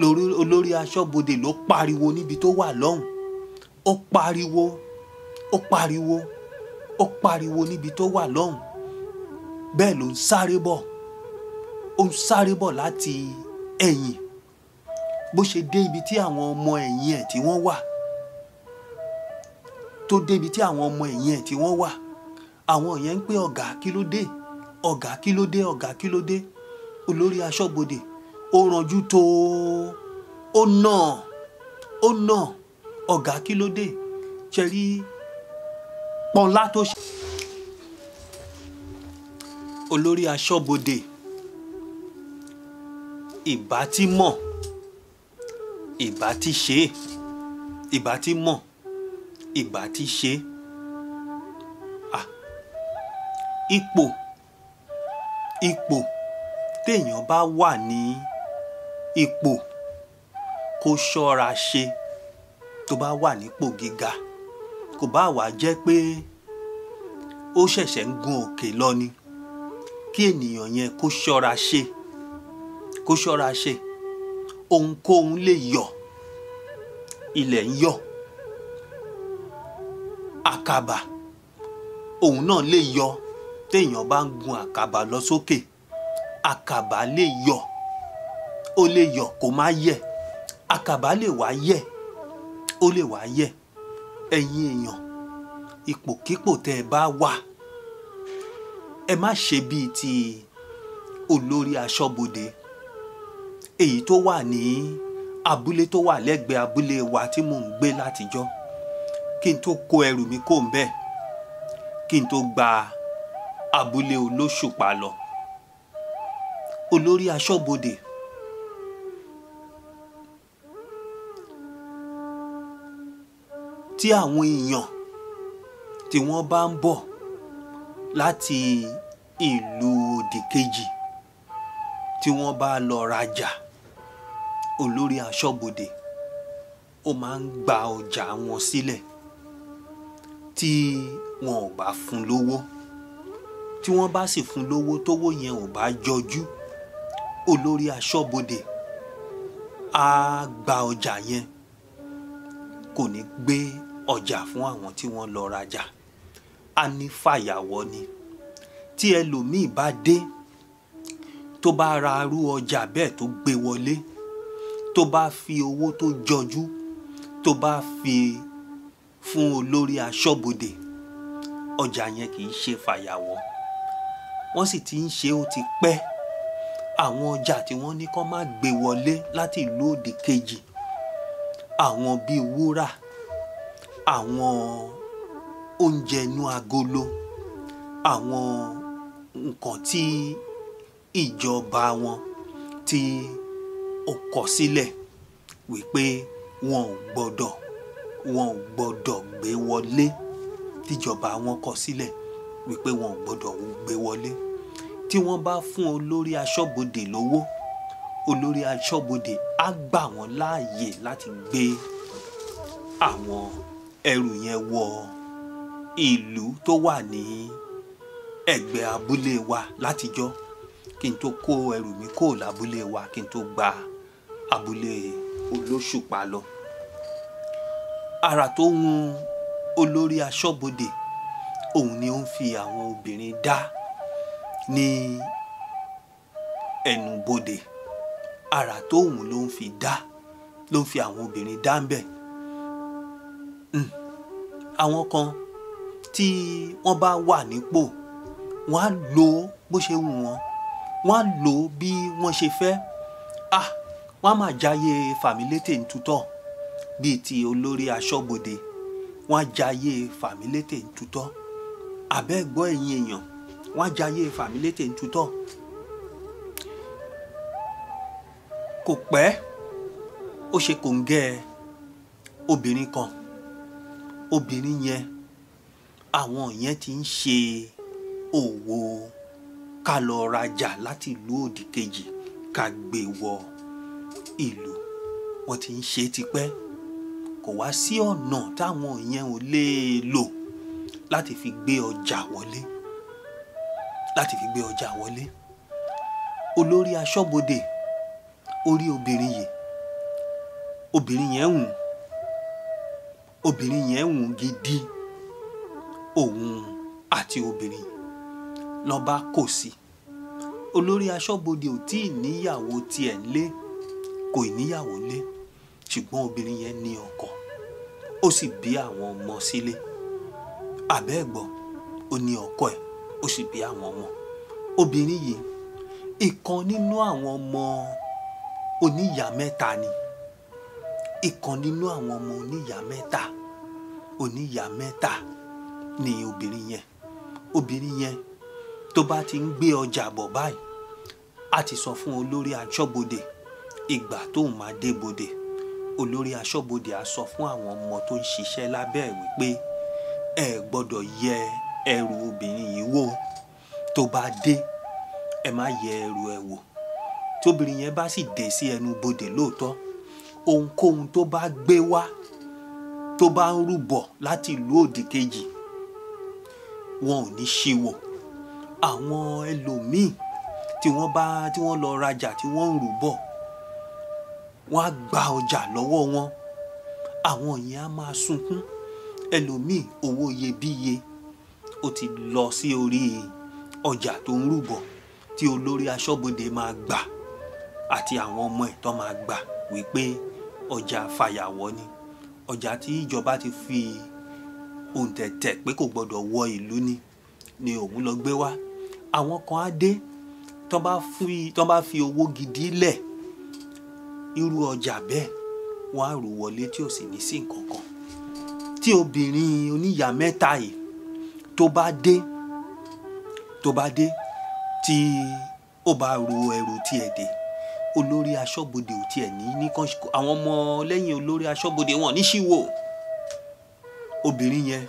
lórí olórí aṣọ́bodè ló pariwo níbi tó wà lọ́hùn ó pariwo ó pariwo ó pariwo níbi tó wà lọ́hùn bẹ́ẹ̀ ló ń sáré bọ̀ ó ń sáré bọ̀ láti ẹ̀yìn bó ṣe dé ibi tí àwọn ọmọ ẹ̀yìn ẹ̀ tí wọ́n wà tó dé ibi tí àwọn ọmọ ẹ̀yìn ẹ̀ tí wọ́n wà àwọn yẹn ń pè ọ̀gá kí ló dé ọ̀gá kí ló dé ọ̀gá kí ló dé olórí aṣọ́bodè ó ranjú tó ó nà ó nà ọ̀gá kí ló dé ṣe rí pọ́nlá tó ṣe. olórí aṣọ́bodè ìbá ti mọ̀ ìbá ti ṣe ìbá ti mọ̀ ìbá ti ṣe ah ipò ipò téèyàn bá wà ní. Ni ipò kó ṣọ́ra ṣe tó bá wà nípò gíga kò bá wàá jẹ́ pé ó ṣẹ̀ṣẹ̀ ń gun òkè lọ ni kí ènìyàn yẹn kó ṣọ́ra ṣe kó ṣọ́ra ṣe ohunkóhun lè yọ ilẹ̀ ń yọ àkàbà òun náà lè yọ téèyàn bá ń gun àkàbà lọ sókè àkàbà lè yọ ó lè yọ kó má yẹ àkàbà lè wá yẹ ó lè wá yẹ ẹ̀yin èèyàn ipòkípò tẹ́ ẹ bá wà ẹ má ṣe bíi ti olórí aṣọ́bodè èyí tó wà ní abúlé tó wà lẹ́gbẹ̀ẹ́ abúlé wa tí mò ń gbé látijọ́ kí n tó kó ẹrù mi kò ń bẹ̀ kí n tó gba abúlé olóṣùpá lọ olórí aṣọ́bodè tí àwọn èèyàn tí wọ́n bá ń bọ̀ láti ìlú òdìkejì tí wọ́n bá lọ rajà olórí aṣọ́bodè ó máa ń gba ọjà wọn sílẹ̀ tí wọn ò bá fún lówó tí wọ́n bá sì fún lówó tówó yẹn ò bá jọjú olórí aṣọ́bodè á gba ọjà yẹn kò ní gbé ọjà fún àwọn tí wọ́n lọ rajà a ní fàyàwọ́ ni tí ẹlòmíì bá dé tó bá ra arú ọjà bẹ́ẹ̀ tó gbé wọlé tó bá fi owó tó jọjú tó bá fi fún olórí aṣọ́bodè ọjà yẹn kì í ṣe fàyàwọ́ wọ́n sì ti ń ṣe ó ti pẹ́ àwọn ọjà tí wọ́n ní kó má gbé wọlé láti ìlú òdì kejì àwọn bíi wúrà àwọn oúnjẹ inú agolo àwọn nǹkan tí ìjọba wọn tí ó kọ sílẹ̀ wípé wọn ò gbọ́dọ̀ wọn ò gbọ́dọ̀ gbé wọlé tíjọba wọn kọ sílẹ̀ wípé wọn ò gbọ́dọ̀ gbé wọlé tí wọ́n bá fún olórí aṣọ́bodè lówó olórí aṣọ́bodè á gbà wọ́n láàyè láti gbé àwọn ẹrù yẹn wọ ìlú tó wà ní ẹ̀gbẹ́ abúlé wa látijọ́ kí n tó kó ẹrù mi kó lábúlé wa kí n tó gba abúlé olóṣùpá lọ ara tó ń olórí aṣọ́bodè òun ni ó ń fi àwọn obìnrin dá ní ẹnubodè ara tó ń ló ń fi dá ló ń fi àwọn obìnrin dá ń bẹ̀ Hmm. àwọn kan tí wọ́n bá wà nípò wọ́n á lo ó bó ṣe wù wọ́n wọ́n á lò bí wọ́n ṣe fẹ́ ah wọ́n á máa jáyé fàmílétè ntutọ́ bíi ti olórí aṣọ́bodè wọ́n á jáyé fàmílétè ntutọ́ àbẹ́gbọ́ ẹ̀yìn èèyàn wọ́n á jáyé fàmílétè ntutọ́ kò pẹ́ ó ṣe kòǹgẹ́ obìnrin kan obìnrin yẹn àwọn yẹn ti ń ṣe òwò ká lọ rajà láti ìlú òdì kejì ká gbé wọ ìlú wọn ti ń ṣe tipẹ́ kò wá sí ọ̀nà táwọn yẹn ò lè lò láti fi gbé ọjà wọlé láti fi gbé ọjà wọlé olórí aṣọ́bodè orí obìnrin yìí obìnrin yẹn ń obìnrin yẹn wù gidi òun àti obìnrin lọ́ba kò sí olórí aṣọ́bodè ò tí ì níyàwó tiẹ̀ lé kò ì níyàwó lé ṣùgbọ́n obìnrin yẹn ní ọkọ ó sì bí àwọn ọmọ sílé àbẹ́ẹ̀gbọ́ ó ní ọkọ ẹ̀ ó sì bí àwọn ọmọ obìnrin yìí ìkan nínú àwọn ọmọ oníyàá ni ìkan nínú àwọn ọmọ oníyà mẹ́ta oníyà mẹ́ta ni obìnrin yẹn obìnrin yẹn tó bá ti ń gbé ọjà bọ̀ báyìí a ti sọ fún olórí aṣọ́bodè ìgbà tóun máa dé bodè olórí aṣọ́bodè á sọ fún àwọn ọmọ tó ń ṣiṣẹ́ lábẹ́ ẹ̀ wípé ẹ gbọ́dọ̀ yẹ ẹrù obìnrin yìí wò tó bá dé ẹ má yẹ ẹrù ẹ wò tóbìnrin yẹn bá sì dé sí ẹnu bodè lóòótọ́ ohunkóhun tó bá gbé wá tó bá ń rúbọ láti ìlú òdì kejì wọn ò ní ṣe wò àwọn ẹlòmíì tí wọ́n bá tí wọ́n lọ rajà tí wọ́n ń rúbọ wọ́n á gba ọjà lọ́wọ́ wọn àwọn yẹn á máa sunkún ẹlòmíì owó iyebíye ó ti lọ sí orí ọjà tó ń rúbọ tí olórí aṣọ́bodè máa gbà àti àwọn ọmọ ẹ̀ tó máa gbà wípé ọjà fàyàwọ́ ni ọjà tí ìjọba ti fi òǹtẹ̀tẹ̀ pé kò gbọ́dọ̀ wọ ìlú ni ni òun lọ gbé wá àwọn kan á dé tán bá fi owó gidi lẹ̀ irú ọjà bẹ́ẹ̀ wọ́n á rò wọlé tí ò sì ní sí nǹkan kan tí obìnrin oníyà mẹ́ta yìí tó bá dé tó bá dé tí ó bá ru ẹrù tiẹ̀ dé olórí aṣọ́bodè ò tiẹ̀ ní ní kàn àwọn ọmọ lẹ́yìn olórí aṣọ́bodè wọn ní ṣíwò obìnrin yẹn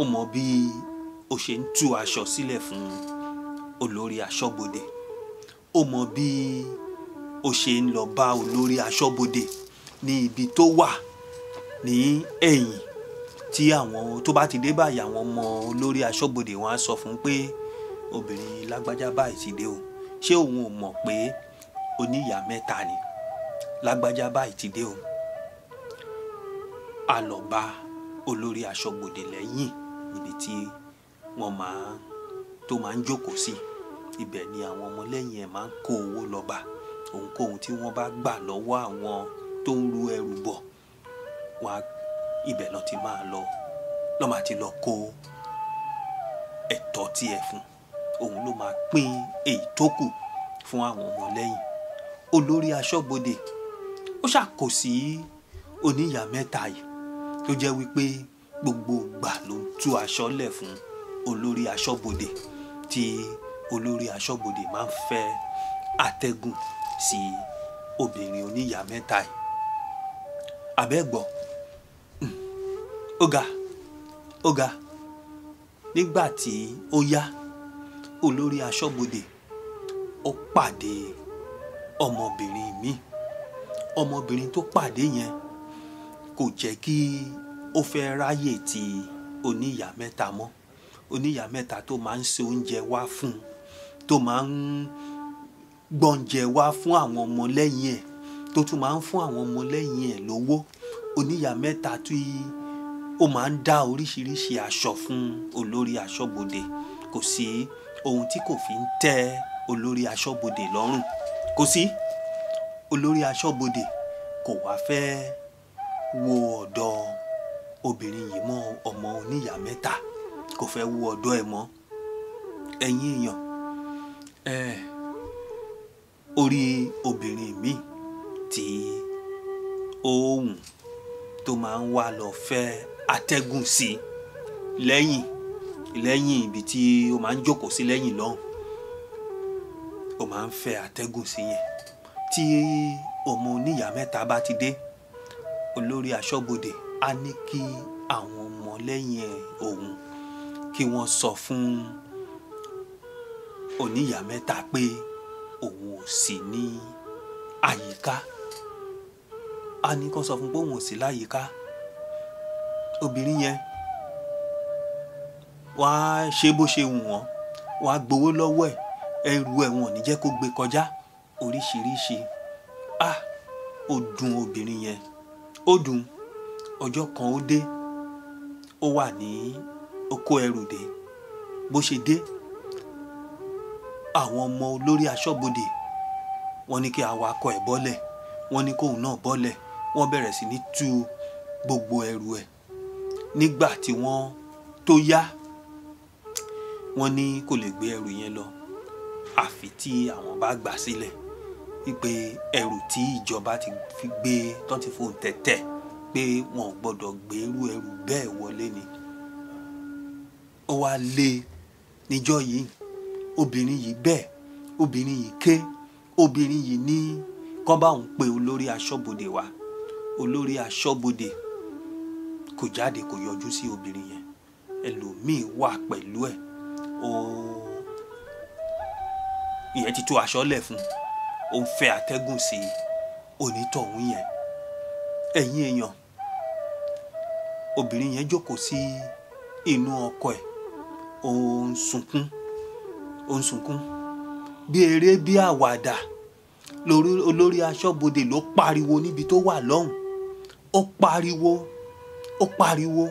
ó mọ bí ó ṣe ń tú aṣọ sílẹ̀ fún olórí aṣọ́bodè ó mọ bí ó ṣe ń lọ bá olórí aṣọ́bodè ní ibi tó wà ní ẹ̀yìn tí àwọn tó bá ti dé báyìí àwọn ọmọ olórí aṣọ́bodè wọn á sọ fún un pé obìnrin lágbájá báyìí ti dé o ṣé òun ò mọ̀ pé oníyà mẹ́ta ni lágbájá báyìí ti dé o a lọ bá olórí aṣọ́gbòdè lẹ́yìn níbi tí wọ́n máa tó máa ń jókòó sí ibẹ̀ ni àwọn ọmọlẹ́yìn ẹ̀ máa ń kó owó lọ́ba ohunkóhun tí wọ́n bá gbà lọ́wọ́ àwọn tó ń ru ẹrù bọ̀ wá ibẹ̀ lọ ti máa lọ lọ́mọ àti lọ kó ẹ̀tọ́ tiẹ̀ fún òun ló máa pín èyí tó kù fún àwọn ọmọlẹ́yìn olórí aṣọ́bodè ó ṣàkó sí oníyà mẹ́ta yìí tó jẹ́ wípé gbogbo ìgbà ló ń tú aṣọ lẹ̀ fún olórí aṣọ́bodè tí olórí aṣọ́bodè máa ń fẹ́ atẹ́gùn sí obìnrin oníyà mẹ́ta yìí àbẹ́gbọ́ ọ̀gá hmm, ọ̀gá nígbà tí ó yá olórí aṣọ́bodè ó pàdé ọmọbìnrin mi ọmọbìnrin tó pàdé yẹn kò jẹ́ kí ó fẹ́ ráyè ti oníyà mẹ́ta mọ́ oníyà mẹ́ta tó máa ń se oúnjẹ wá fún un tó máa ń gbọ́njẹ wá fún àwọn ọmọ lẹ́yìn ẹ̀ tó tún máa ń fún àwọn ọmọ lẹ́yìn ẹ̀ lówó oníyà mẹ́ta tó yí ó máa ń dá oríṣiríṣi aṣọ fún olórí aṣọ́bodè kò sí ohun tí kò fi ń tẹ́ olórí aṣọ́bodè lọ́rùn kò sí olórí aṣọ́bodè kò wá fẹ́ wo ọ̀dọ̀ obìnrin yìí mọ́ ọmọ oníyàá mẹ́ta kò fẹ́ wo ọ̀dọ̀ ẹ̀ mọ́ ẹ̀yin èèyàn orí obìnrin mi tí òun tó máa ń wá lọ fẹ́ atẹ́gùn sí lẹ́yìn lẹ́yìn ibi tí ó máa ń jókòó sí lẹ́yìn lọ́hùn ó máa ń fẹ́ atẹ́gùn sí yẹn tí ọmọ oníyà mẹ́ta bá ti dé olórí aṣọ́bodè á ní kí àwọn ọmọlẹ́yìn òun kí wọ́n sọ fún oníyà mẹ́ta pé òun ò sí ní àyíká á ní kó sọ fún pé òun ò sí láyìíká obìnrin yẹn wàá ṣe bó ṣe wù wọ́n wàá gbowó lọ́wọ́ ẹ̀ ẹrù ẹ̀wọ̀n ò ní jẹ́ kó gbé kọjá oríṣiríṣi ah ó dùn obìnrin yẹn ó dùn ọjọ́ kan ó dé ó wà ní oko ẹrù dé bó ṣe dé àwọn ọmọ olórí aṣọ́bodè wọ́n ní kí awakọ̀ ẹ̀ bọ́lẹ̀ wọ́n ní kóun náà bọ́lẹ̀ wọ́n bẹ̀rẹ̀ sí ní tú gbogbo ẹrù ẹ̀ nígbà tí wọ́n tó yá wọ́n ní kò lè gbé ẹrù yẹn lọ àfi tí àwọn bá gbà sílẹ̀ wípé ẹrù tí ìjọba ti fi gbé tán ti fóun tẹ̀tẹ̀ pé wọn ò gbọ́dọ̀ gbèrú ẹrù bẹ́ẹ̀ wọlé ni ó wá lé níjọ́ yìí obìnrin yìí bẹ́ẹ̀ obìnrin yìí ké obìnrin yìí ní kọ́ bá òun pe olórí aṣọ́bodè wá olórí aṣọ́bodè kò jáde kò yọjú sí obìnrin yẹn ẹlòmíín wà pẹ̀lú ẹ̀ ó. Oh ìyẹn ti tú aṣọ lẹ̀ fún ó ń fẹ́ atẹ́gùn sí onítọ̀hún yẹn ẹ̀yin èèyàn obìnrin yẹn jókòó sí inú ọkọ ẹ̀ ó ń sunkún ó ń sunkún bí eré bí àwàdà olórí aṣọ́bodè ló pariwo níbi tó wà lọ́hùn ó pariwo ó pariwo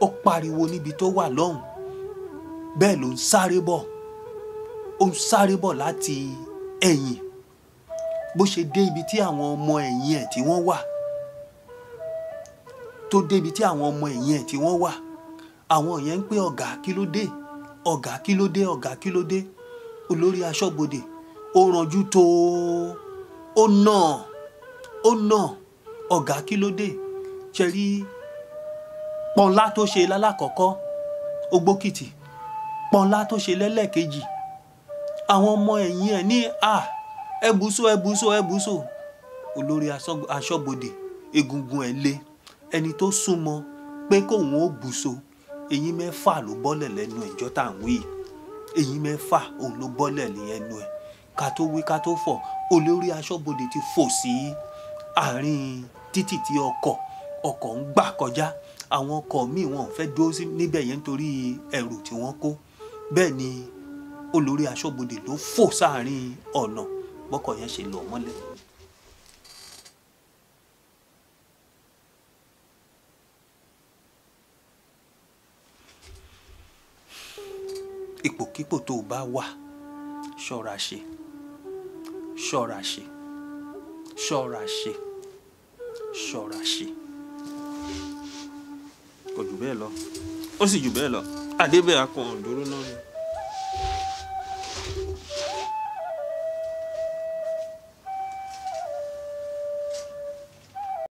ó pariwo níbi tó wà lọ́hùn bẹ́ẹ̀ ló ń sáré bọ̀ ó ń sáré bọ̀ láti ẹ̀yìn bó ṣe dé ibi tí àwọn ọmọ ẹ̀yìn ẹ̀ tí wọ́n wà tó dé ibi tí àwọn ọmọ ẹ̀yìn ẹ̀ tí wọ́n wà àwọn yẹn ń pè ọ̀gá kí ló dé ọ̀gá kí ló dé ọ̀gá kí ló dé olórí aṣọ́bodè ó ranjú tó ó nà ó nà ọ̀gá kí ló dé ṣe pọ́nlá tó ṣe lálákọ̀ọ́kọ́ ogbókìtì pọ́nlá tó ṣe lẹ́lẹ́kejì àwọn ọmọ ẹ̀yìn ẹ̀ ní à ẹ̀bùsọ ẹ̀bùsọ ẹ̀bùsọ olórí aṣọ́bodè egungun ẹ̀ lé ẹni tó súnmọ́ pé kóun ó bùsọ eyín mẹ́fà ló bọ́lẹ̀ lẹ́nu ìjọ tá à ń wí eyín mẹ́fà òun ló bọ́lẹ̀ lẹ́nu ẹ̀ ká tó wí ká tó fọ̀ olórí aṣọ́bodè ti fò sí àárín títì tí ọkọ̀ ọkọ̀ ń gbà kọjá àwọn ọkọ̀ míì wọn ò fẹ́ dúró níbẹ̀ yẹn nítorí ẹrù tí wọ́n kó bẹ́ẹ̀ ni olórí aṣọ́bodè ló fò sáàrin ọ̀nà bọ́kọ̀ yẹn ṣe lọ mọ́lẹ̀. ipòkípò tó o bá wà ṣọ́ra ṣe ṣọ́ra ṣe ṣọ́ra ṣe ṣọ́ra ṣe kò jù bẹ́ẹ̀ lọ ó sì jù bẹ́ẹ̀ lọ adébẹ̀ akọ̀ ọ̀dọ́rọ́ náà ni.